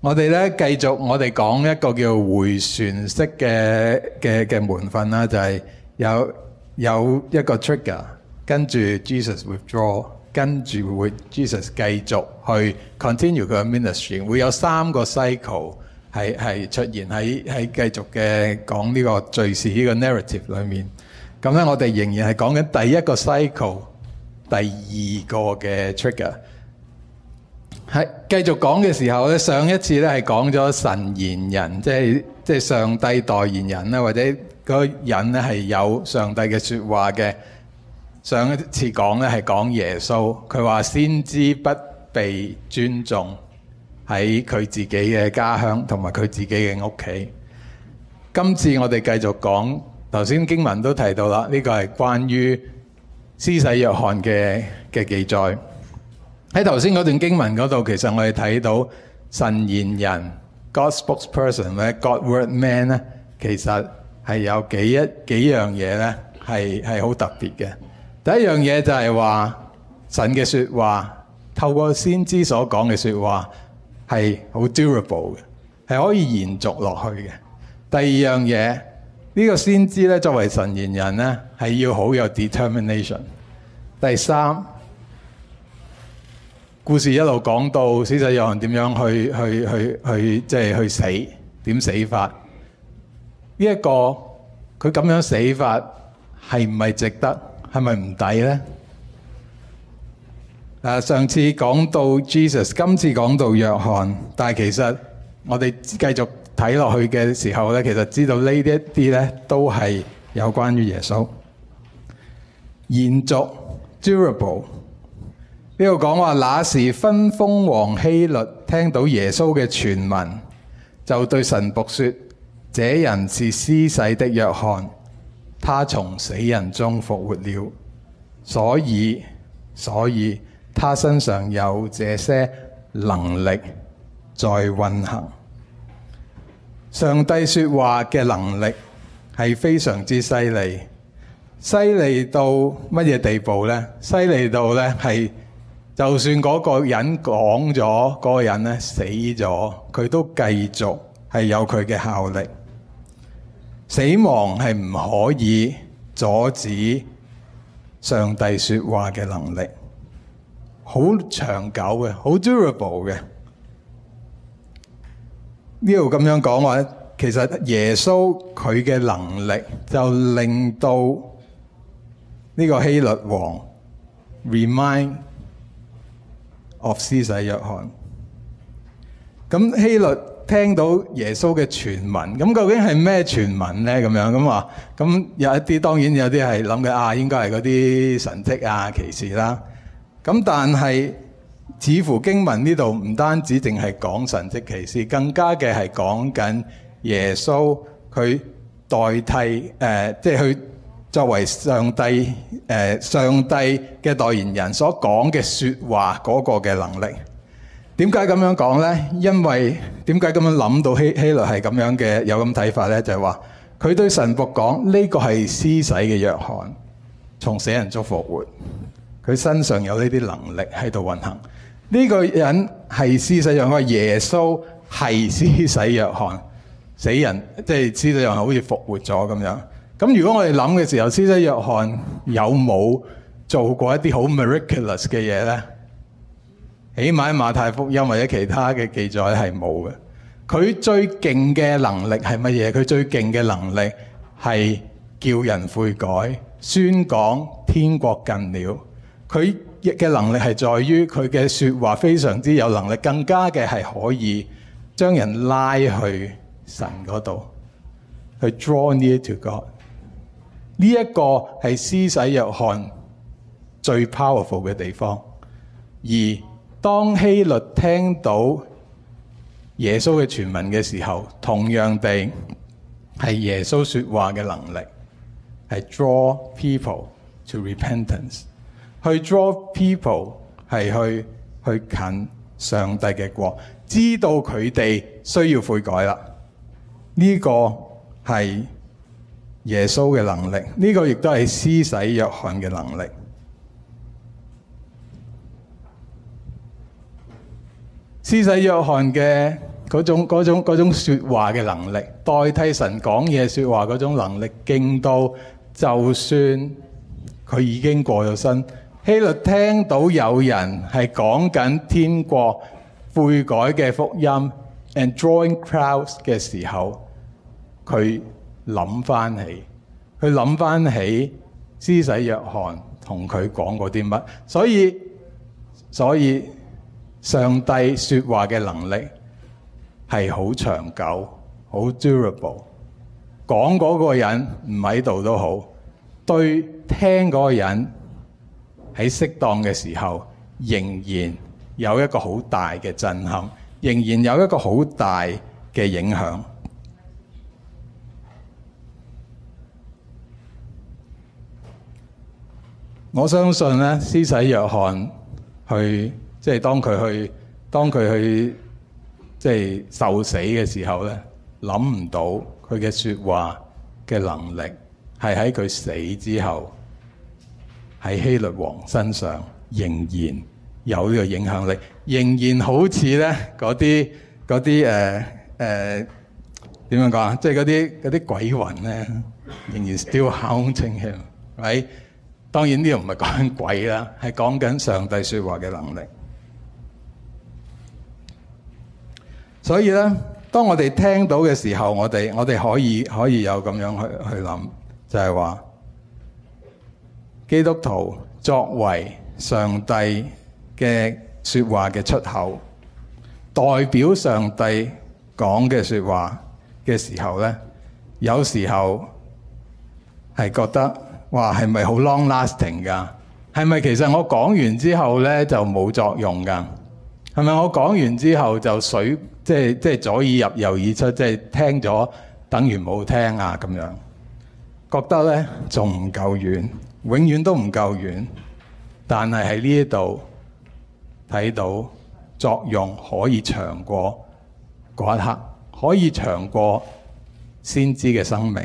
我哋咧繼續，我哋講一個叫迴旋式嘅嘅嘅門訓啦，就係有有一個 trigger，跟住 Jesus withdraw，跟住會 Jesus 繼續去 continue 佢嘅 ministry，會有三個 cycle 係係出現喺喺繼續嘅講呢個敘事呢個 narrative 裏面。咁咧，我哋仍然係講緊第一個 cycle，第二個嘅 trigger。係繼續講嘅時候咧，上一次咧係講咗神言人，即係即係上帝代言人啦，或者嗰人咧係有上帝嘅說話嘅。上一次講咧係講耶穌，佢話先知不被尊重喺佢自己嘅家鄉同埋佢自己嘅屋企。今次我哋繼續講，頭先經文都提到啦，呢個係關於施洗約翰嘅嘅記載。喺頭先嗰段經文嗰度，其實我哋睇到神言人 God's spokesperson） 或者 God Word man 咧，其實係有幾一幾樣嘢咧，係係好特別嘅。第一樣嘢就係話神嘅説話透過先知所講嘅説話係好 durable 嘅，係可以延續落去嘅。第二樣嘢呢個先知咧，作為神言人咧，係要好有 determination。第三。故事一路講到死仔約翰點樣去去去去，即係去死，點死法？呢一個佢咁樣死法係唔係值得？係咪唔抵呢？上次講到 Jesus，今次講到約翰，但係其實我哋繼續睇落去嘅時候咧，其實知道呢一啲咧都係有關於耶穌延續、durable。呢度講話，那時分封王希律聽到耶穌嘅傳聞，就對神僕說：這人是施洗的約翰，他從死人中復活了，所以所以他身上有這些能力在運行。上帝說話嘅能力係非常之犀利，犀利到乜嘢地步呢？犀利到呢係。就算嗰個人講咗，嗰個人咧死咗，佢都繼續係有佢嘅效力。死亡係唔可以阻止上帝說話嘅能力，好長久嘅，好 durable 嘅。呢度噉樣講話，其實耶穌佢嘅能力就令到呢個希律王 remind 惡施洗約翰，咁希律聽到耶穌嘅傳聞，咁究竟係咩傳聞咧？咁樣咁話，咁有一啲，當然有啲係諗嘅，啊，應該係嗰啲神迹啊、奇事啦。咁但係，似乎經文呢度唔單止淨係講神迹奇事，更加嘅係講緊耶穌佢代替誒、呃，即係去。作為上帝誒、呃、上帝嘅代言人所講嘅説話嗰，那個嘅能力，點解咁樣講呢？因為點解咁樣諗到希希律係咁樣嘅有咁睇法呢，就係話佢對神僕講呢個係施洗嘅約翰，從死人中復活，佢身上有呢啲能力喺度運行。呢、這個人係施洗約翰，耶穌係施洗約翰，死人即係施洗約翰好似復活咗咁樣。咁如果我哋諗嘅時候，施洗約翰有冇做過一啲好 miraculous 嘅嘢咧？起碼馬太福音或者其他嘅記載係冇嘅。佢最勁嘅能力係乜嘢？佢最勁嘅能力係叫人悔改、宣講天國近了。佢嘅能力係在於佢嘅說話非常之有能力，更加嘅係可以將人拉去神嗰度去 draw near to God 呢、這、一個係施洗約翰最 powerful 嘅地方，而當希律聽到耶穌嘅傳聞嘅時候，同樣地係耶穌說話嘅能力係 draw people to repentance，去 draw people 係去去近上帝嘅國，知道佢哋需要悔改啦。呢、這個係。耶穌嘅能力，呢個亦都係施洗約翰嘅能力。施洗約翰嘅嗰種嗰種嗰種説話嘅能力，代替神講嘢説話嗰種能力，勁到就算佢已經過咗身，希律聽到有人係講緊天國悔改嘅福音，and join crowds 嘅時候，佢。諗翻起，去諗翻起施洗約翰同佢講過啲乜，所以所以上帝說話嘅能力係好長久，好 durable。講嗰個人唔喺度都好，對聽嗰個人喺適當嘅時候，仍然有一個好大嘅震撼，仍然有一個好大嘅影響。我相信咧，施洗約翰即係去，去即係當佢去當佢去即係受死嘅時候咧，諗唔到佢嘅說話嘅能力係喺佢死之後喺希律王身上仍然有呢個影響力，仍然好似咧嗰啲嗰啲誒誒點樣講啊，即係嗰啲嗰啲鬼魂咧，仍然 still haunting him, right? 響係。當然呢個唔係講鬼啦，係講緊上帝説話嘅能力。所以咧，當我哋聽到嘅時候，我哋我哋可以可以有咁樣去去諗，就係話基督徒作為上帝嘅説話嘅出口，代表上帝講嘅説話嘅時候咧，有時候係覺得。哇，係咪好 long lasting 㗎？係咪其實我講完之後咧就冇作用㗎？係咪我講完之後就水即係即係左耳入右耳出，即係聽咗等於冇聽啊？咁樣覺得咧仲唔夠遠，永遠都唔夠遠。但係喺呢一度睇到作用可以長過嗰一刻，可以長過先知嘅生命，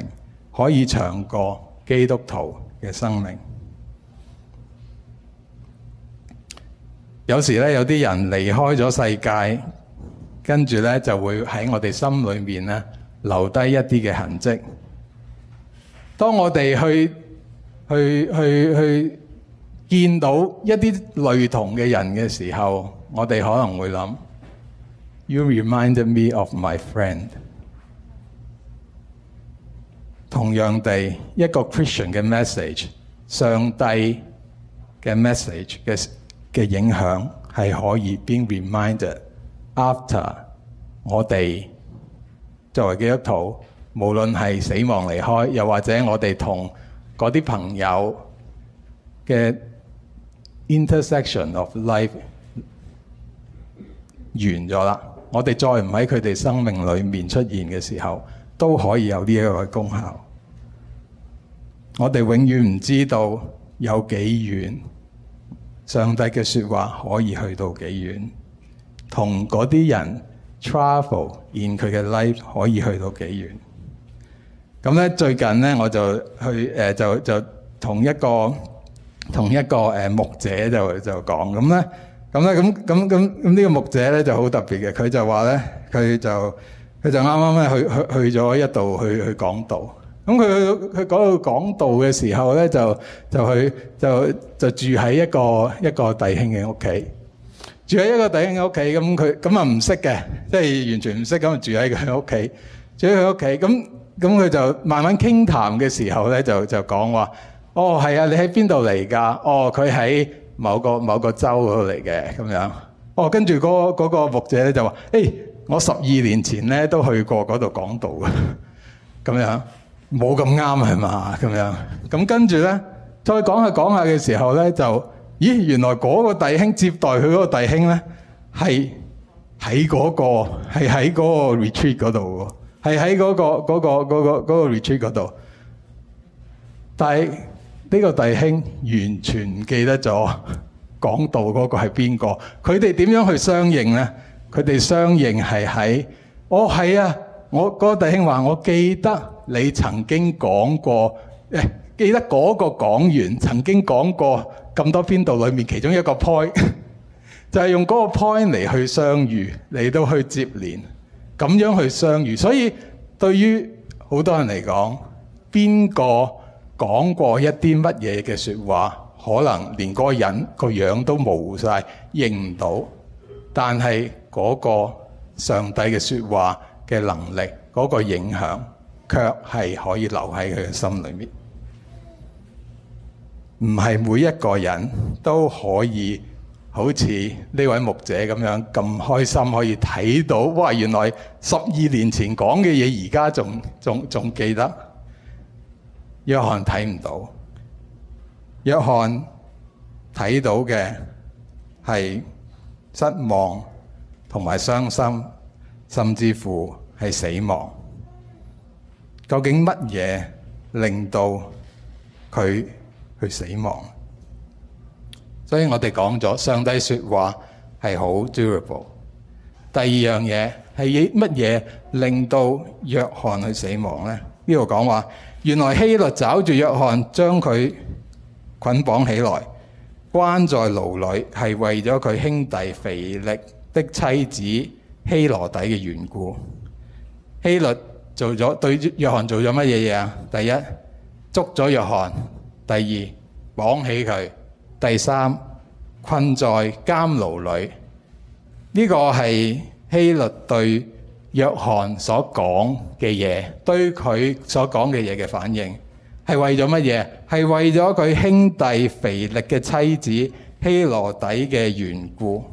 可以長過。基督徒嘅生命，有時呢，有啲人離開咗世界，跟住呢就會喺我哋心裏面呢留低一啲嘅痕跡。當我哋去去去去見到一啲類同嘅人嘅時候，我哋可能會諗 you remind me of my friend 同樣地，一個 Christian 嘅 message、上帝嘅 message 嘅嘅影響係可以被 reminded。After 我哋作為基督徒，無論係死亡離開，又或者我哋同嗰啲朋友嘅 intersection of life 完咗啦，我哋再唔喺佢哋生命裏面出現嘅時候，都可以有呢一個功效。我哋永遠唔知道有幾遠，上帝嘅説話可以去到幾遠，同嗰啲人 travel in 佢嘅 life 可以去到幾遠。咁、嗯、咧，最近咧，我就去誒、呃，就就同一個同一個誒、呃、牧者就就講咁咧，咁、嗯、咧，咁咁咁咁呢個牧者咧就好特別嘅，佢就話咧，佢就。佢就啱啱咧去去去咗一度去去講道，咁佢去佢講到講道嘅時候咧，就就去就就住喺一個一個弟兄嘅屋企，住喺一個弟兄嘅屋企，咁佢咁啊唔識嘅，即係完全唔識咁住喺佢屋企，住喺佢屋企，咁咁佢就慢慢傾談嘅時候咧，就就講話，哦，係啊，你喺邊度嚟㗎？哦，佢喺某個某個州嗰度嚟嘅，咁樣。哦，跟住嗰嗰個牧者咧就話，誒。我十二年前咧都去過嗰度講道啊，咁樣冇咁啱係嘛，咁樣，咁跟住咧再講下講下嘅時候咧就，咦，原來嗰個弟兄接待佢嗰個弟兄咧係喺嗰個係喺嗰個 retreat 嗰度喎，係喺嗰個、嗰個、嗰個、嗰個嗰個 retreat 嗰度，但係呢個弟兄完全唔記得咗講道嗰個係邊個，佢哋點樣去相應咧？佢哋相認係喺哦，係啊，我嗰個弟兄話，我記得你曾經講過，誒，記得嗰個講員曾經講過咁多篇道裡面其中一個 point，就係用嗰個 point 嚟去相遇，嚟到去接連，咁樣去相遇。所以對於好多人嚟講，邊個講過一啲乜嘢嘅説話，可能連嗰個人個樣都模糊晒，認唔到，但係。嗰個上帝嘅説話嘅能力，嗰個影響，卻係可以留喺佢嘅心裏面。唔係每一個人都可以好似呢位牧者咁樣咁開心，可以睇到哇！原來十二年前講嘅嘢，而家仲仲仲記得。約翰睇唔到，約翰睇到嘅係失望。同埋傷心，甚至乎係死亡。究竟乜嘢令到佢去死亡？所以我哋講咗上帝説話係好 durable。第二樣嘢係以乜嘢令到約翰去死亡咧？呢度講話原來希律找住約翰，將佢捆綁起來，關在牢裏，係為咗佢兄弟腓力的妻子希羅底嘅緣故，希律做咗對約翰做咗乜嘢嘢啊？第一捉咗約翰，第二綁起佢，第三困在監牢裏。呢個係希律對約翰所講嘅嘢，對佢所講嘅嘢嘅反應，係為咗乜嘢？係為咗佢兄弟腓力嘅妻子希羅底嘅緣故。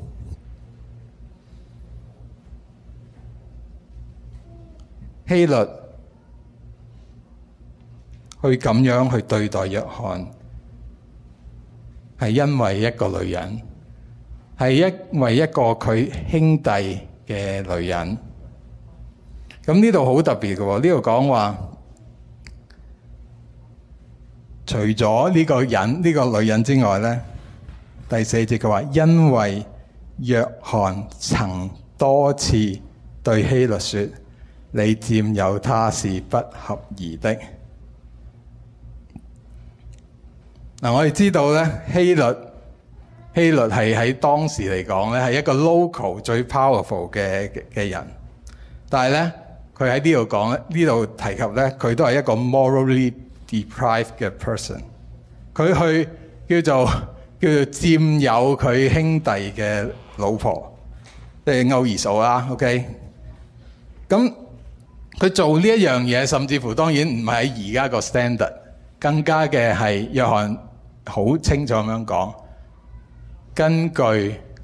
希律去咁樣去對待約翰，係因為一個女人，係因為一個佢兄弟嘅女人。咁呢度好特別嘅、哦，呢度講話，除咗呢個人呢、呢個女人之外咧，第四節嘅話因為約翰曾多次對希律說。你佔有他是不合宜的。嗱、啊，我哋知道咧希律，希律係喺當時嚟講咧係一個 local 最 powerful 嘅嘅人，但係咧佢喺呢度講咧，呢度提及咧佢都係一個 morally deprived 嘅 person。佢去叫做叫做佔有佢兄弟嘅老婆，誒，歐二嫂啦，OK、嗯。咁佢做呢一樣嘢，甚至乎當然唔係喺而家個 standard，更加嘅係約翰好清楚咁樣講，根據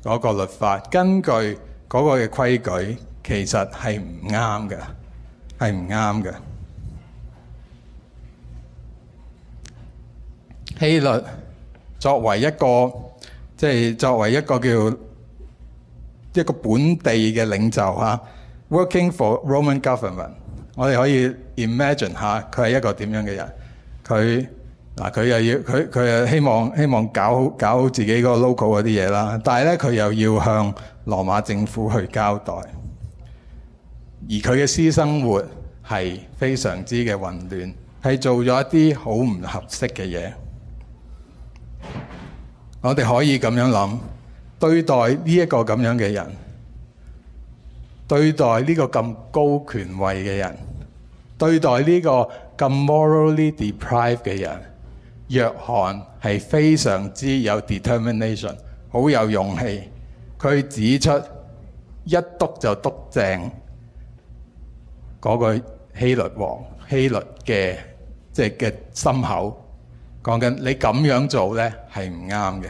嗰個律法，根據嗰個嘅規矩，其實係唔啱嘅，係唔啱嘅。希律作為一個，即係作為一個叫一個本地嘅領袖吓。Working for Roman government，我哋可以 imagine 下佢係一個點樣嘅人？佢，嗱，佢又要佢，佢又希望希望搞好搞好自己嗰個 local 嗰啲嘢啦，但係咧佢又要向羅馬政府去交代。而佢嘅私生活係非常之嘅混亂，係做咗一啲好唔合適嘅嘢。我哋可以咁樣諗，對待呢一個咁樣嘅人。對待呢個咁高權位嘅人，對待呢個咁 morally deprived 嘅人，約翰係非常之有 determination，好有勇氣。佢指出一督就督正嗰個希律王希律嘅即係嘅心口，講緊你咁樣做咧係唔啱嘅。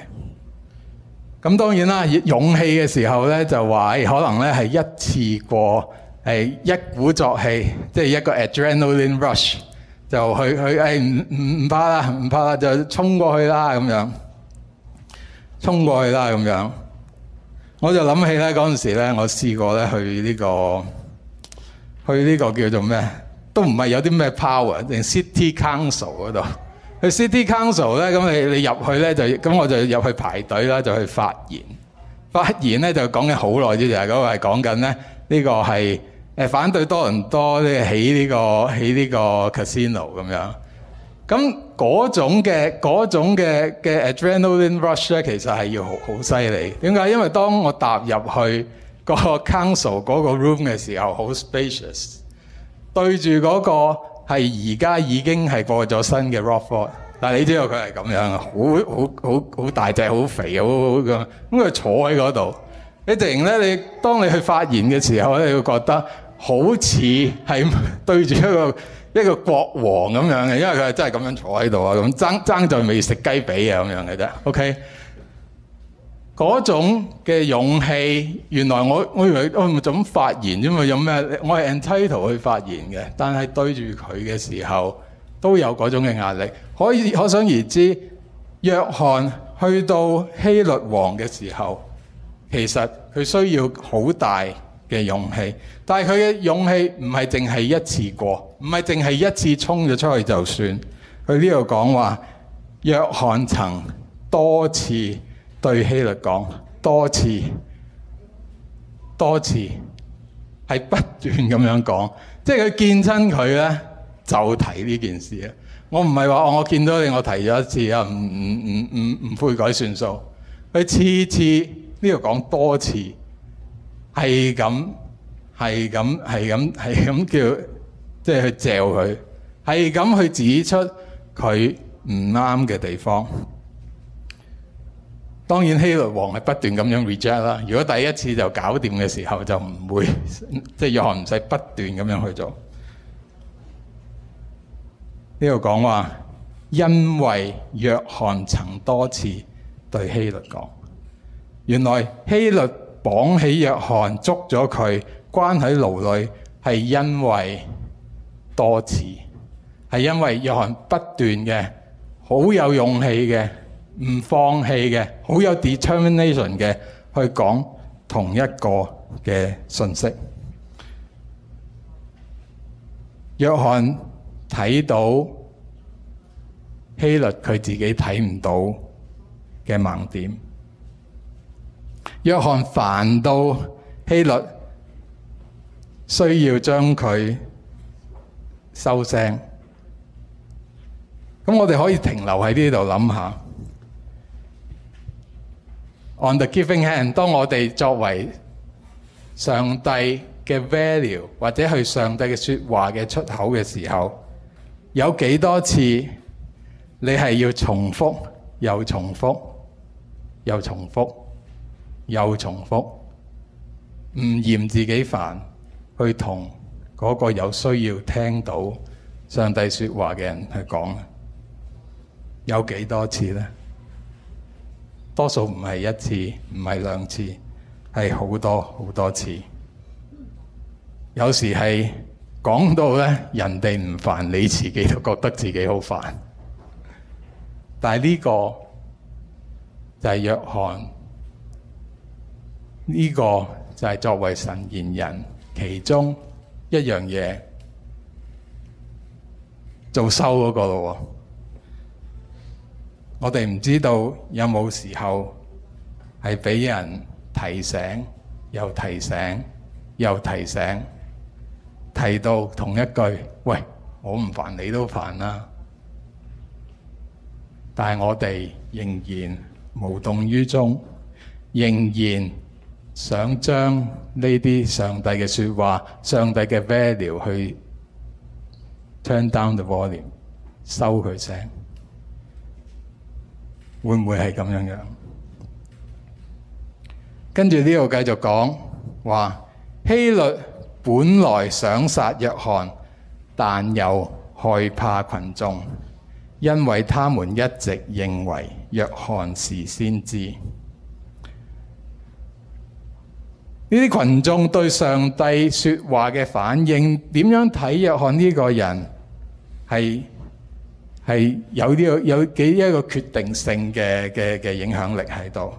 咁當然啦，勇氣嘅時候咧，就話、哎、可能咧係一次過，係一鼓作氣，即、就、係、是、一個 adrenaline rush，就去去誒，唔唔唔怕啦，唔怕啦，就衝過去啦咁樣，衝過去啦咁樣。我就諗起咧嗰陣時咧，我試過咧去呢、這個，去呢個叫做咩，都唔係有啲咩 power 定 city council 嗰度。去 City Council 咧，咁你你入去咧就，咁我就入去排隊啦，就去發言。發言咧就講嘢好耐啲嘅，嗰、就係呢個係講緊咧，呢個係反對多倫多咧、呢個、起呢、呢個起呢個 casino 咁樣。咁嗰種嘅嗰種嘅嘅 adrenaline rush 咧，其實係要好好犀利。點解？因為當我踏入去、嗰個 council 嗰個 room 嘅時候，好 spacious，對住嗰、嗰個。係而家已經係過咗身嘅 Rockford，但係你知道佢係咁樣啊，好好好好大隻、好肥、好好咁，咁佢坐喺嗰度，你突然咧，你當你去發言嘅時候咧，你會覺得好似係對住一個一個國王咁樣嘅，因為佢係真係咁樣坐喺度啊，咁爭爭就未食雞髀啊咁樣嘅啫，OK。嗰種嘅勇氣，原來我我以為我唔就咁發言啫嘛，有咩？我係 title 去發言嘅，但係對住佢嘅時候都有嗰種嘅壓力。可以可想而知，約翰去到希律王嘅時候，其實佢需要好大嘅勇氣。但係佢嘅勇氣唔係淨係一次過，唔係淨係一次衝咗出去就算。佢呢度講話，約翰曾多次。對希律講多次，多次係不斷咁樣講，即係佢見親佢咧就提呢件事啊！我唔係話我見到你我提咗一次啊，唔唔唔唔唔悔改算數。佢次次呢度講多次，係咁係咁係咁係咁叫，即係去嚼佢，係咁去指出佢唔啱嘅地方。當然希律王係不斷咁樣 reject 啦。如果第一次就搞掂嘅時候就不會，就唔會即係約翰唔使不斷咁樣去做。呢度講話，因為約翰曾多次對希律講，原來希律綁起約翰，捉咗佢關喺牢裏，係是因為多次，係因為約翰不斷嘅好有勇氣嘅。唔放棄嘅，好有 determination 嘅，去講同一個嘅信息。約翰睇到希律佢自己睇唔到嘅盲點，約翰煩到希律需要將佢收聲。咁我哋可以停留喺呢度諗下。On the giving hand，當我哋作為上帝嘅 value 或者去上帝嘅說話嘅出口嘅時候，有幾多次你係要重複又重複又重複又重複，唔嫌自己煩去同嗰個有需要聽到上帝說話嘅人去講，有幾多次咧？多數唔係一次，唔係兩次，係好多好多次。有時係講到咧，人哋唔煩，你自己都覺得自己好煩。但係呢個就係約翰，呢個就係作為神言人其中一樣嘢，做收嗰個咯。我哋唔知道有冇時候係俾人提醒，又提醒，又提醒，提到同一句：喂，我唔煩你都煩啦。但係我哋仍然無動於衷，仍然想將呢啲上帝嘅説話、上帝嘅 value 去 turn down the volume，收佢聲。會唔會係咁樣樣？跟住呢度繼續講，話希律本來想殺約翰，但又害怕群眾，因為他們一直認為約翰是先知。呢啲群眾對上帝説話嘅反應，點樣睇約翰呢個人係？係有呢個有幾一個決定性嘅嘅嘅影響力喺度。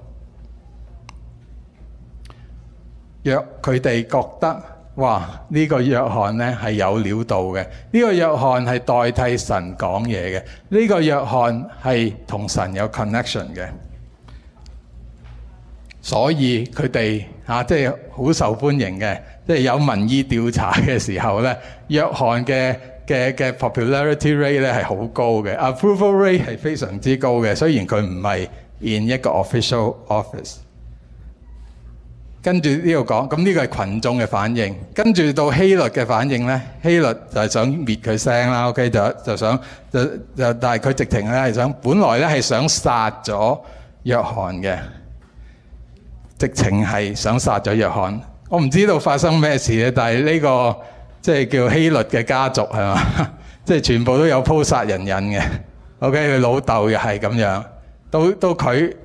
若佢哋覺得哇，呢個約翰咧係有料到嘅，呢個約翰係代替神講嘢嘅，呢個約翰係同神有 connection 嘅，所以佢哋啊，即係好受歡迎嘅，即係有民意調查嘅時候咧，約翰嘅。嘅嘅 popularity rate 咧係好高嘅，approval rate 係非常之高嘅。雖然佢唔係 in 一個 official office。跟住呢度講，咁呢個係羣眾嘅反應。跟住到希律嘅反應咧，希律就係想滅佢聲啦。OK，就就想就就，但係佢直情咧係想，本來咧係想殺咗約翰嘅，直情係想殺咗約翰。我唔知道發生咩事咧，但係呢個。即係叫希律嘅家族係嘛？即係全部都有鋪殺人癮嘅。O.K. 佢老豆又係咁樣，到到佢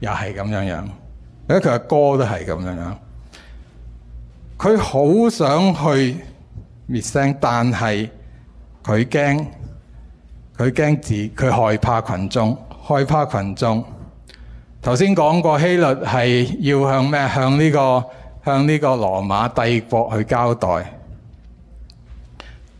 又係咁樣樣。而佢阿哥都係咁樣樣。佢好想去滅聲，但係佢驚佢驚自佢害怕群眾，害怕群眾。頭先講過希律係要向咩向呢個向呢個羅馬帝國去交代。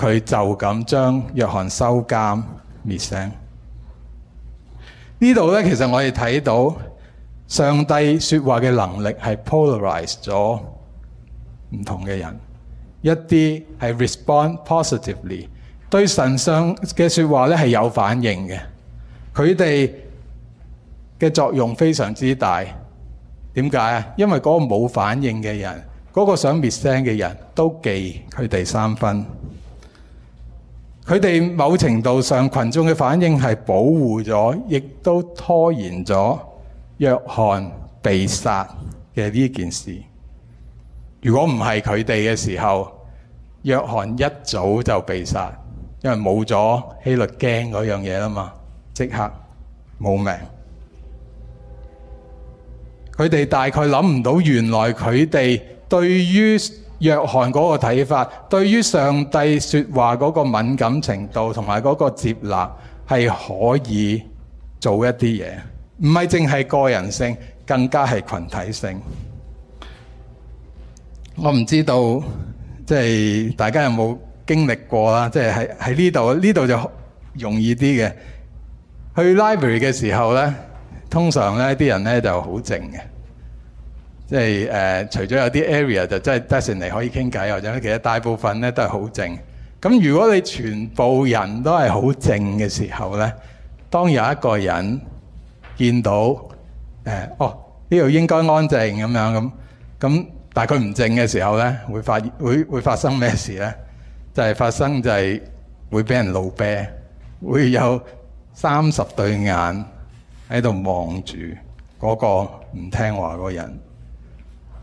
佢就咁將約翰收監滅 g 呢度咧，其實我哋睇到上帝說話嘅能力係 polarize 咗唔同嘅人，一啲係 respond positively 對神上嘅說話咧係有反應嘅。佢哋嘅作用非常之大。點解啊？因為嗰個冇反應嘅人，嗰、那個想滅 g 嘅人都記佢哋三分。佢哋某程度上，群眾嘅反應係保護咗，亦都拖延咗約翰被殺嘅呢件事。如果唔係佢哋嘅時候，約翰一早就被殺，因為冇咗希律驚嗰樣嘢吖嘛，即刻冇命。佢哋大概諗唔到，原來佢哋對於約翰嗰個睇法，對於上帝説話嗰個敏感程度同埋嗰個接納，係可以做一啲嘢，唔係淨係個人性，更加係群體性。我唔知道，即係大家有冇經歷過啦？即係喺喺呢度，呢度就容易啲嘅。去 library 嘅時候呢，通常呢啲人呢就好靜嘅。即係誒、呃、除咗有啲 area 就真係 designate 嚟可以傾偈，或者其實大部分咧都係好靜，咁如果你全部人都係好靜嘅時候咧，當有一個人見到誒、呃、哦，呢度應該安靜咁樣咁咁，但係佢唔靜嘅時候咧，會發會會發生咩事咧？就係、是、發生就係會俾人露啤，會有三十對眼喺度望住嗰個唔聽話嗰個人。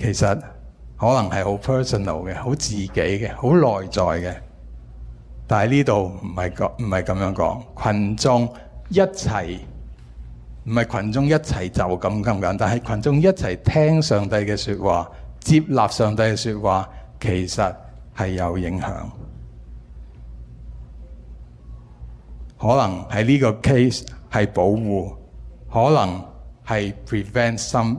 其實可能係好 personal 嘅、好自己嘅、好內在嘅，但係呢度唔係講唔係咁樣講。群眾一齊唔係群眾一齊就咁咁講，但係群眾一齊聽上帝嘅說話、接納上帝嘅說話，其實係有影響。可能喺呢個 case 係保護，可能係 prevent 心。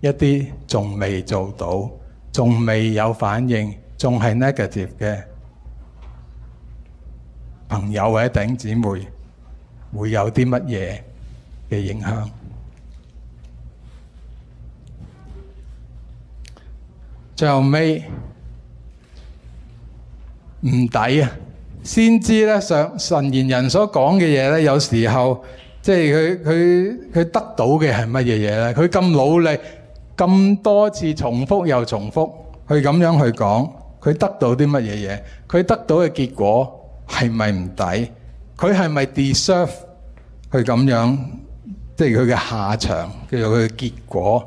一啲仲未做到，仲未有反應，仲係 negative 嘅朋友或者頂姊妹，會有啲乜嘢嘅影響？最後尾唔抵啊！先知咧，上神賢人所講嘅嘢咧，有時候即係佢佢佢得到嘅係乜嘢嘢咧？佢咁努力。咁多次重複又重複，佢咁樣去講，佢得到啲乜嘢嘢？佢得到嘅結果係咪唔抵？佢係咪 deserve 佢咁樣，即係佢嘅下場，叫做佢嘅結果，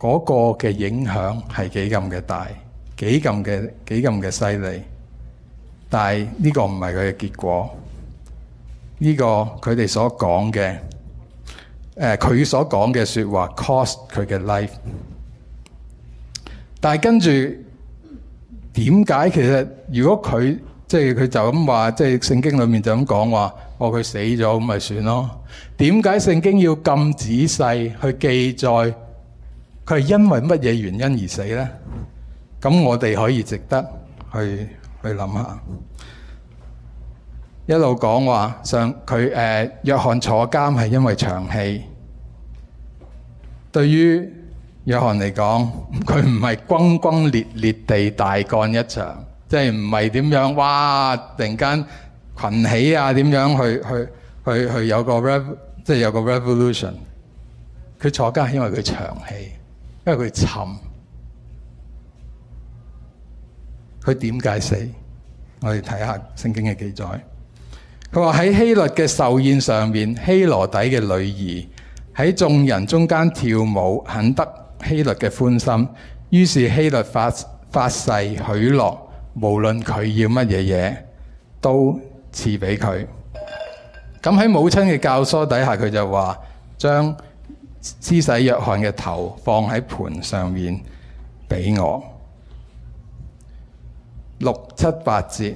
嗰個嘅影響係幾咁嘅大，幾咁嘅幾咁嘅犀利，但係呢個唔係佢嘅結果。呢個佢哋所講嘅，誒佢所講嘅説話 cost 佢嘅 life。但係跟住點解其實如果佢即係佢就咁話，即係聖經裡面就咁講話，哦佢死咗咁咪算咯？點解聖經要咁仔細去記載？佢係因為乜嘢原因而死咧？咁我哋可以值得去去諗下。一路講話，上佢誒約翰坐監係因為長氣。對於約翰嚟講，佢唔係轟轟烈烈地大幹一場，即係唔係點樣哇？突然間群起啊，點樣去去去去有個 rev，即係有個 revolution。佢坐監係因為佢長氣。因為佢沉，佢點解死？我哋睇下聖經嘅記載。佢話喺希律嘅壽宴上面，希羅底嘅女兒喺眾人中間跳舞，很得希律嘅歡心。於是希律發發誓許諾，無論佢要乜嘢嘢，都賜俾佢。咁喺母親嘅教唆底下，佢就話將。施洗約翰嘅頭放喺盤上面俾我六七八節。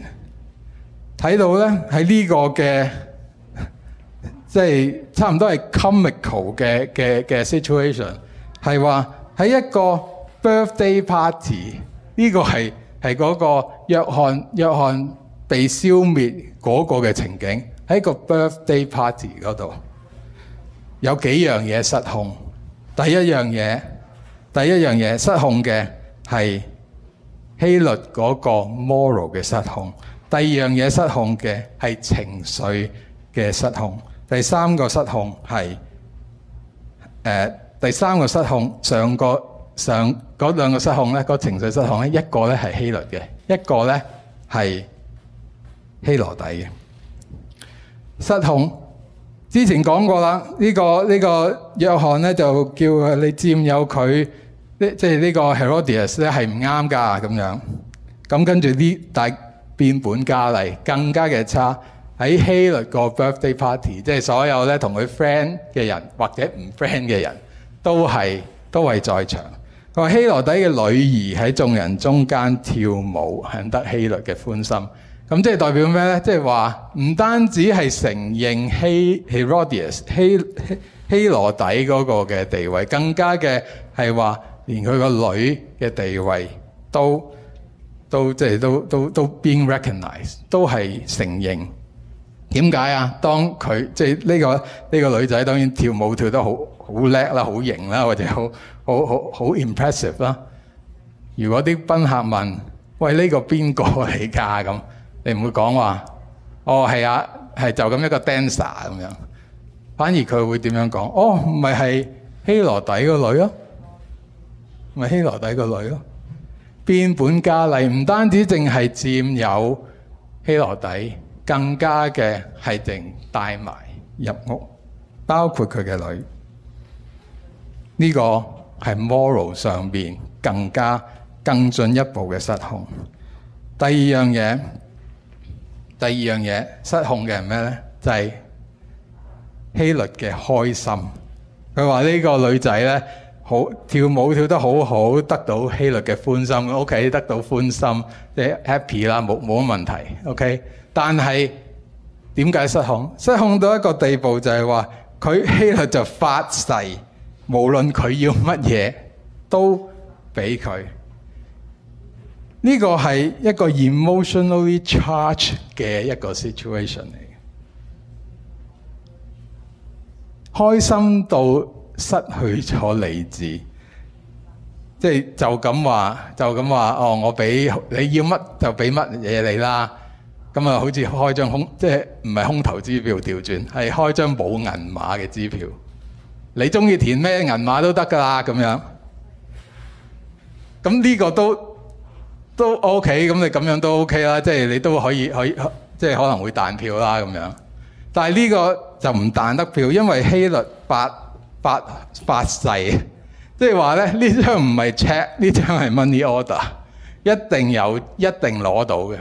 睇到咧，喺呢個嘅即係差唔多係 comical 嘅嘅嘅 situation 係話喺一個 birthday party 呢個係係嗰個約翰約翰被消滅嗰個嘅情景喺個 birthday party 嗰度。有幾樣嘢失控？第一樣嘢，第一樣嘢失控嘅係希律嗰個 moral 嘅失控。第二樣嘢失控嘅係情緒嘅失控。第三個失控係，誒，第三個失控，上個，上，嗰兩個失控呢，個情緒失控呢，一個呢，係希律嘅，一個呢，係希羅底嘅失控。之前講過啦，呢、呢個呢、呢個、約翰咧就叫佢你佔有佢，呢即係呢個 Herodias 咧係唔啱㗎咁樣。咁跟住呢，大變本加厲，更加嘅差喺希律個 birthday party，即係所有咧同佢 friend 嘅人或者唔 friend 嘅人都係都係在場。佢話希羅底嘅女兒喺眾人中間跳舞，引得希律嘅歡心。咁即係代表咩咧？即係話唔單止係承認希 Herodias, 希,希,希羅底希希希羅底嗰個嘅地位，更加嘅係話，連佢個女嘅地位都都即係都都都都 being recognized，都係承認。點解啊？當佢即係呢個呢個女仔，當然跳舞跳得好好叻啦，好型啦，或者好好好好 impressive 啦。如果啲賓客問：喂，呢個邊個嚟㗎？咁你唔會講話，哦，係啊，係就咁一個 dancer 咁樣，反而佢會點樣講？哦，咪係希羅底個女咯、啊，咪希羅底個女咯、啊，變本加厲，唔單止淨係佔有希羅底，更加嘅係定帶埋入屋，包括佢嘅女。呢、這個係 moral 上面更加更進一步嘅失控。第二樣嘢。第二樣嘢失控嘅係咩呢？就係希律嘅開心。佢話呢個女仔呢，好跳舞跳得好好，得到希律嘅歡心，OK，得到歡心，即係 happy 啦，冇冇乜問題。OK，但係點解失控？失控到一個地步就係話，佢希律就發誓，無論佢要乜嘢都俾佢。呢個係一個 emotionally charged 嘅一個 situation 嚟嘅，開心到失去咗理智，即係就咁話，就咁話，哦，我俾你要乜就俾乜嘢你啦，咁啊，好似開張空，即係唔係空頭支票調轉，係開張冇銀碼嘅支票，你中意填咩銀碼都得噶啦，咁樣，咁呢個都。都 OK，咁你咁樣都 OK 啦，即係你都可以，可以即係可能會彈票啦咁樣。但係呢個就唔彈得票，因為希律發發發誓，即係話咧呢張唔係 check，呢張係 money order，一定有，一定攞到嘅。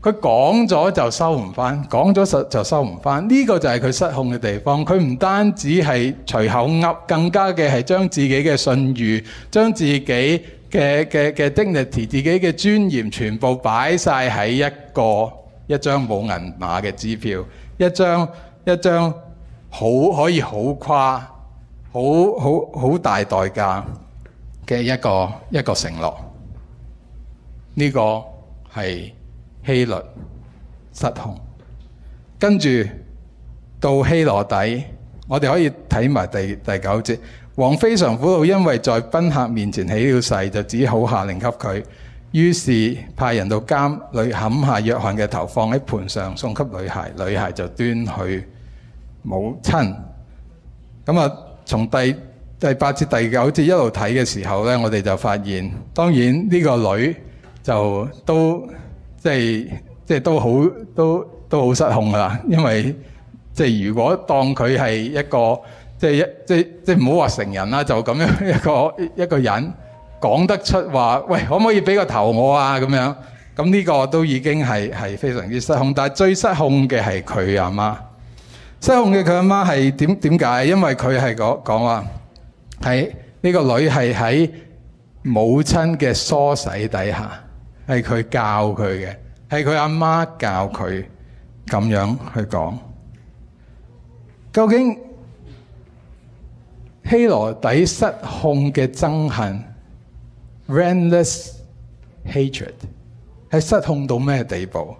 佢講咗就收唔翻，講咗實就收唔翻。呢、這個就係佢失控嘅地方。佢唔單止係隨口噏，更加嘅係將自己嘅信譽，將自己。嘅嘅嘅 dignity 自己嘅尊嚴全部擺晒喺一個一張冇銀碼嘅支票，一張一張好可以好誇、好好好大代價嘅一個一個承諾。呢、這個係希律失控，跟住到希羅底，我哋可以睇埋第第九節。王非常苦惱，因為在賓客面前起了誓，就只好下令給佢。於是派人到監裏，冚下約翰嘅頭，放喺盤上，送給女孩。女孩就端去母親。咁啊，從第第八節第九節一路睇嘅時候咧，我哋就發現，當然呢個女就都即係即係都好都都好失控㗎啦，因為即係如果當佢係一個即係一，即係即係唔好話成人啦，就咁樣一個一個人講得出話，喂，可唔可以俾個頭我啊？咁樣咁呢個都已經係係非常之失控。但係最失控嘅係佢阿媽，失控嘅佢阿媽係點點解？因為佢係講講話喺呢個女係喺母親嘅梳洗底下，係佢教佢嘅，係佢阿媽教佢咁樣去講，究竟？希羅底失控嘅憎恨，relentless hatred，係失控到咩地步？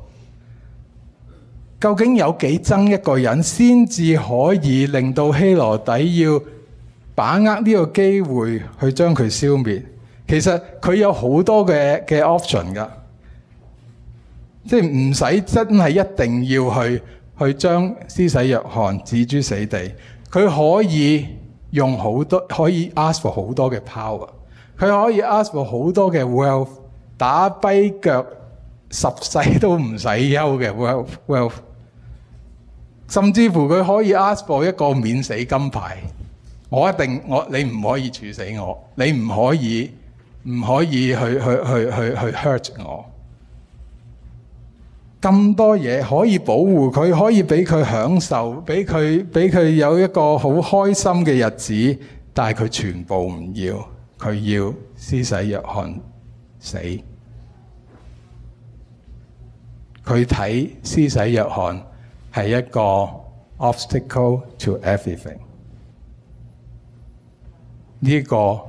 究竟有幾憎一個人，先至可以令到希羅底要把握呢個機會去將佢消滅？其實佢有好多嘅嘅 option 噶，即係唔使真係一定要去去將施洗約翰置諸死地，佢可以。用好多可以 ask for 好多嘅 power，佢可以 ask for 好多嘅 wealth，打跛腳十世都唔使憂嘅 wealth wealth，甚至乎佢可以 ask for 一個免死金牌，我一定我你唔可以處死我，你唔可以唔可以去去去去去 hurt 我。咁多嘢可以保護佢，可以俾佢享受，俾佢俾佢有一個好開心嘅日子。但係佢全部唔要，佢要施洗約翰死。佢睇施洗約翰係一個 obstacle to everything，呢個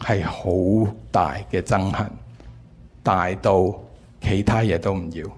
係好大嘅憎恨，大到其他嘢都唔要。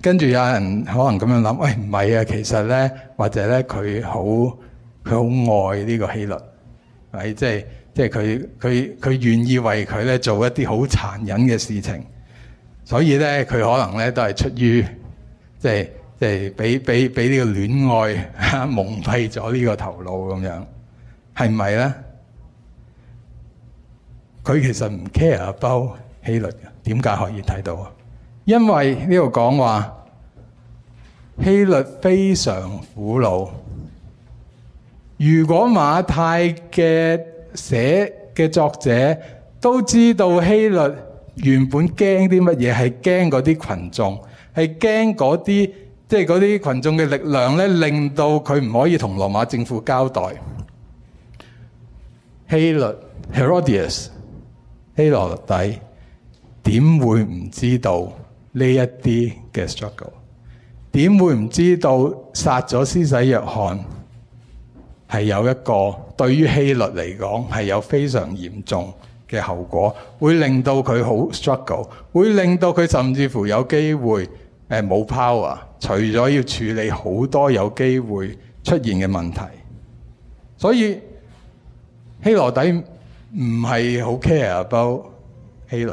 跟住有人可能咁樣諗，喂唔係啊，其實咧或者咧佢好佢好愛呢個希律，係即係即係佢佢佢願意為佢咧做一啲好殘忍嘅事情，所以咧佢可能咧都係出於即係即係俾俾俾呢個戀愛蒙蔽咗呢個頭腦咁樣，係咪咧？佢其實唔 care about 希律嘅，點解可以睇到啊？因為呢度講話希律非常苦惱。如果馬太嘅寫嘅作者都知道希律原本驚啲乜嘢，係驚嗰啲群眾，係驚嗰啲即係嗰啲群眾嘅力量咧，令到佢唔可以同羅馬政府交代。希律，Herodias，希羅底點會唔知道？呢一啲嘅 struggle，點會唔知道殺咗施洗約翰係有一個對於希律嚟講係有非常嚴重嘅後果，會令到佢好 struggle，會令到佢甚至乎有機會誒冇 power，除咗要處理好多有機會出現嘅問題，所以希羅底唔係好 care about 希律。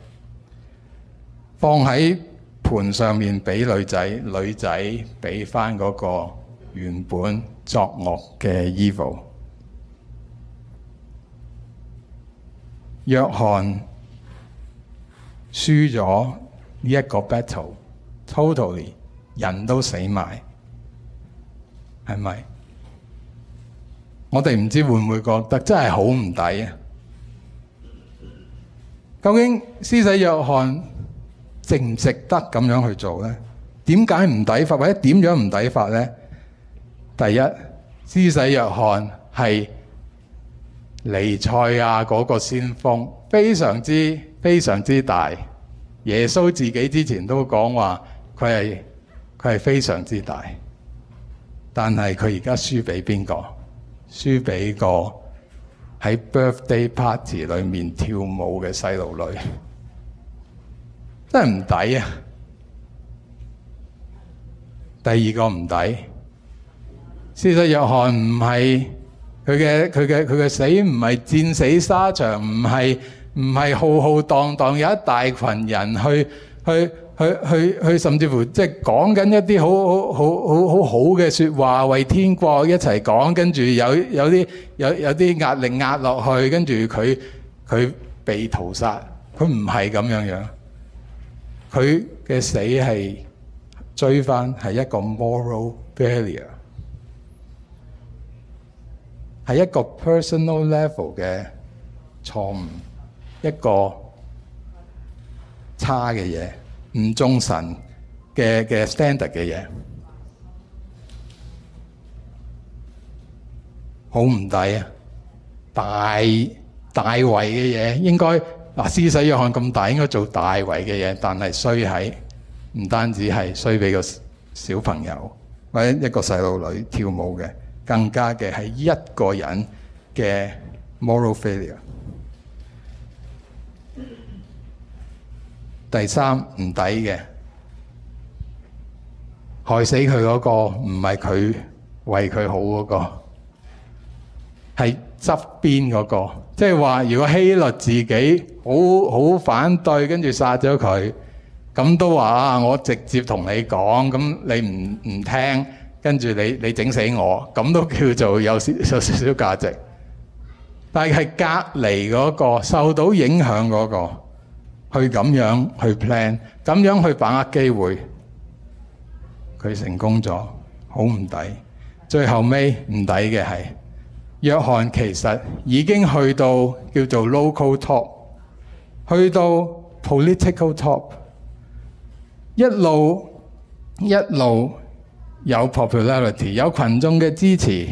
放喺盤上面畀女仔，女仔畀翻嗰個原本作惡嘅 evil。約翰輸咗呢一個 battle，totally 人都死埋，係咪？我哋唔知會唔會覺得真係好唔抵啊？究竟施洗約翰，值唔值得咁樣去做呢？點解唔抵法，或者點樣唔抵法呢？第一，施洗約翰係尼賽亞嗰個先鋒，非常之非常之大。耶穌自己之前都講話，佢係佢係非常之大。但係佢而家輸俾邊個？輸俾個喺 birthday party 裏面跳舞嘅細路女。真係唔抵啊！第二個唔抵。施洗約翰唔係佢嘅佢嘅佢嘅死唔係戰死沙場，唔係唔係浩浩蕩蕩有一大群人去去去去去，甚至乎即係講緊一啲好好好好好好好好好嘅說話，為天國一齊講，跟住有有啲有有啲壓力壓落去，跟住佢佢被屠殺，佢唔係咁樣樣。佢嘅死係追翻係一個 moral failure，係一個 personal level 嘅錯誤，一個差嘅嘢，唔忠誠嘅嘅 standard 嘅嘢，好唔抵啊！大大位嘅嘢應該。嗱，施洗約翰咁大，應該做大圍嘅嘢，但係衰喺唔單止係衰俾個小朋友或者一個細路女跳舞嘅，更加嘅係一個人嘅 moral failure。第三唔抵嘅，害死佢嗰個唔係佢為佢好嗰個，係側邊嗰個。即係話，如果欺凌自己，好好反對，跟住殺咗佢，咁都話啊，我直接同你講，咁你唔唔聽，跟住你你整死我，咁都叫做有少有少少價值。但係隔離嗰個受到影響嗰個，去咁樣去 plan，咁樣去把握機會，佢成功咗，好唔抵。最後尾唔抵嘅係。約翰其實已經去到叫做 local top，去到 political top，一路一路有 popularity，有群眾嘅支持，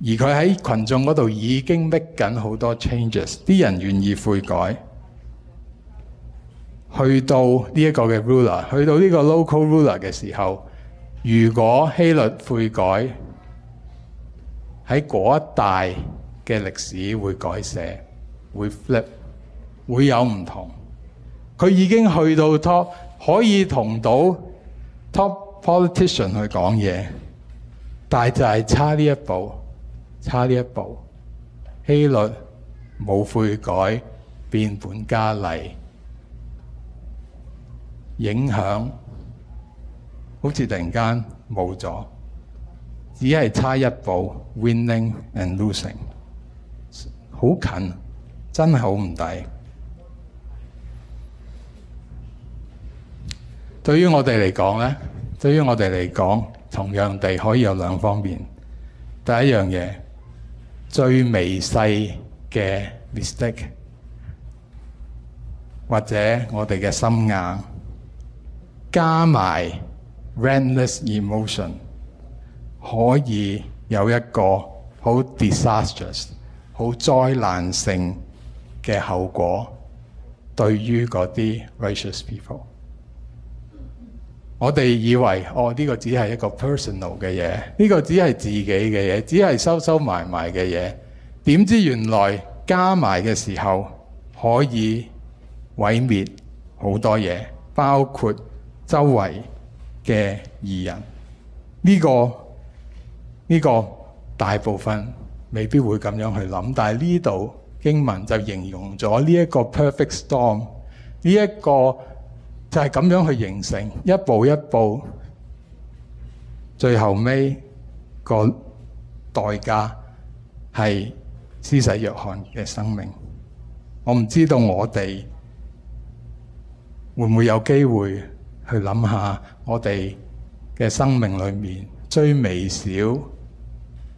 而佢喺群眾嗰度已經逼緊好多 changes，啲人願意悔改。去到呢一個嘅 ruler，去到呢個 local ruler 嘅時候，如果希律悔改，喺嗰一代嘅歷史會改寫，會 flip，會有唔同。佢已經去到 top，可以同到 top politician 去講嘢，但就係差呢一步，差呢一步。希律冇悔改，變本加厲，影響好似突然間冇咗。只係差一步，winning and losing，好近，真係好唔抵。對於我哋嚟講咧，對於我哋嚟講，同樣地可以有兩方面。第一樣嘢，最微細嘅 mistake，或者我哋嘅心眼，加埋 random emotion。可以有一個好 disastrous、好災難性嘅後果，對於嗰啲 righteous people。我哋以為哦，呢個只係一個 personal 嘅嘢，呢個只係自己嘅嘢，只係收收埋埋嘅嘢。點知原來加埋嘅時候可以毀滅好多嘢，包括周圍嘅二人呢個。呢、這個大部分未必會咁樣去諗，但係呢度經文就形容咗呢一個 perfect storm，呢一個就係咁樣去形成，一步一步，最後尾個代價係施洗約翰嘅生命。我唔知道我哋會唔會有機會去諗下我哋嘅生命裏面最微小。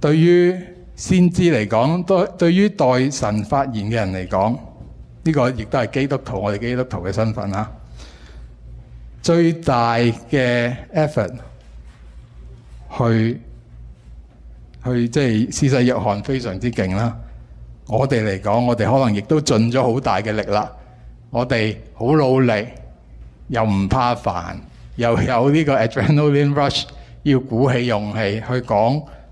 對於先知嚟講，對對於代神發言嘅人嚟講，呢個亦都係基督徒，我哋基督徒嘅身份啦。最大嘅 effort，去去即係施洗約翰非常之勁啦。我哋嚟講，我哋可能亦都盡咗好大嘅力啦。我哋好努力，又唔怕煩，又有呢個 adrenaline rush，要鼓起勇氣去講。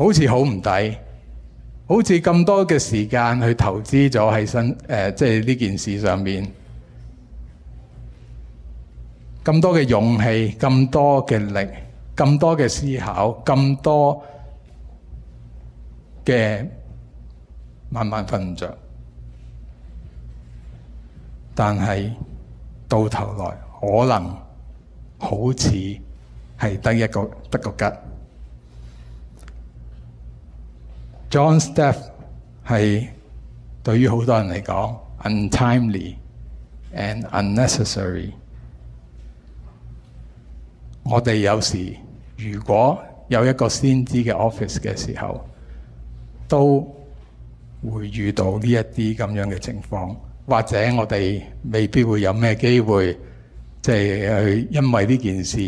好似好唔抵，好似咁多嘅時間去投資咗喺新誒，即係呢件事上面，咁多嘅勇氣，咁多嘅力，咁多嘅思考，咁多嘅，晚晚瞓唔著，但係到頭來可能好似係得一個得個吉。John's death 係對於好多人嚟講 untimely and unnecessary。我哋有時如果有一個先知嘅 office 嘅時候，都會遇到呢一啲咁樣嘅情況，或者我哋未必會有咩機會，即係因為呢件事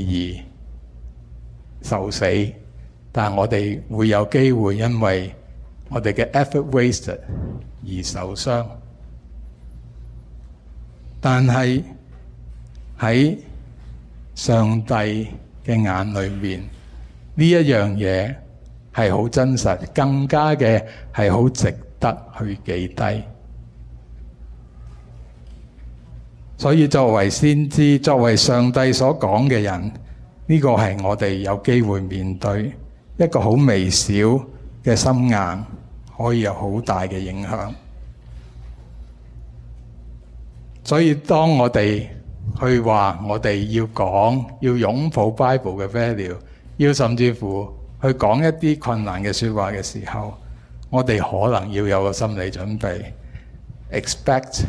而受死，但係我哋會有機會因為。我哋嘅 effort wasted，而受傷，但係喺上帝嘅眼裏面，呢一樣嘢係好真實，可以有好大嘅影響，所以當我哋去話我哋要講要擁抱 Bible 嘅 value，要甚至乎去講一啲困難嘅說話嘅時候，我哋可能要有個心理準備，expect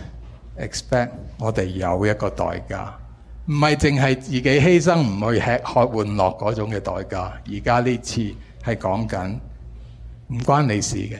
expect 我哋有一個代價，唔係淨係自己犧牲唔去吃喝玩樂嗰種嘅代價。而家呢次係講緊唔關你的事嘅。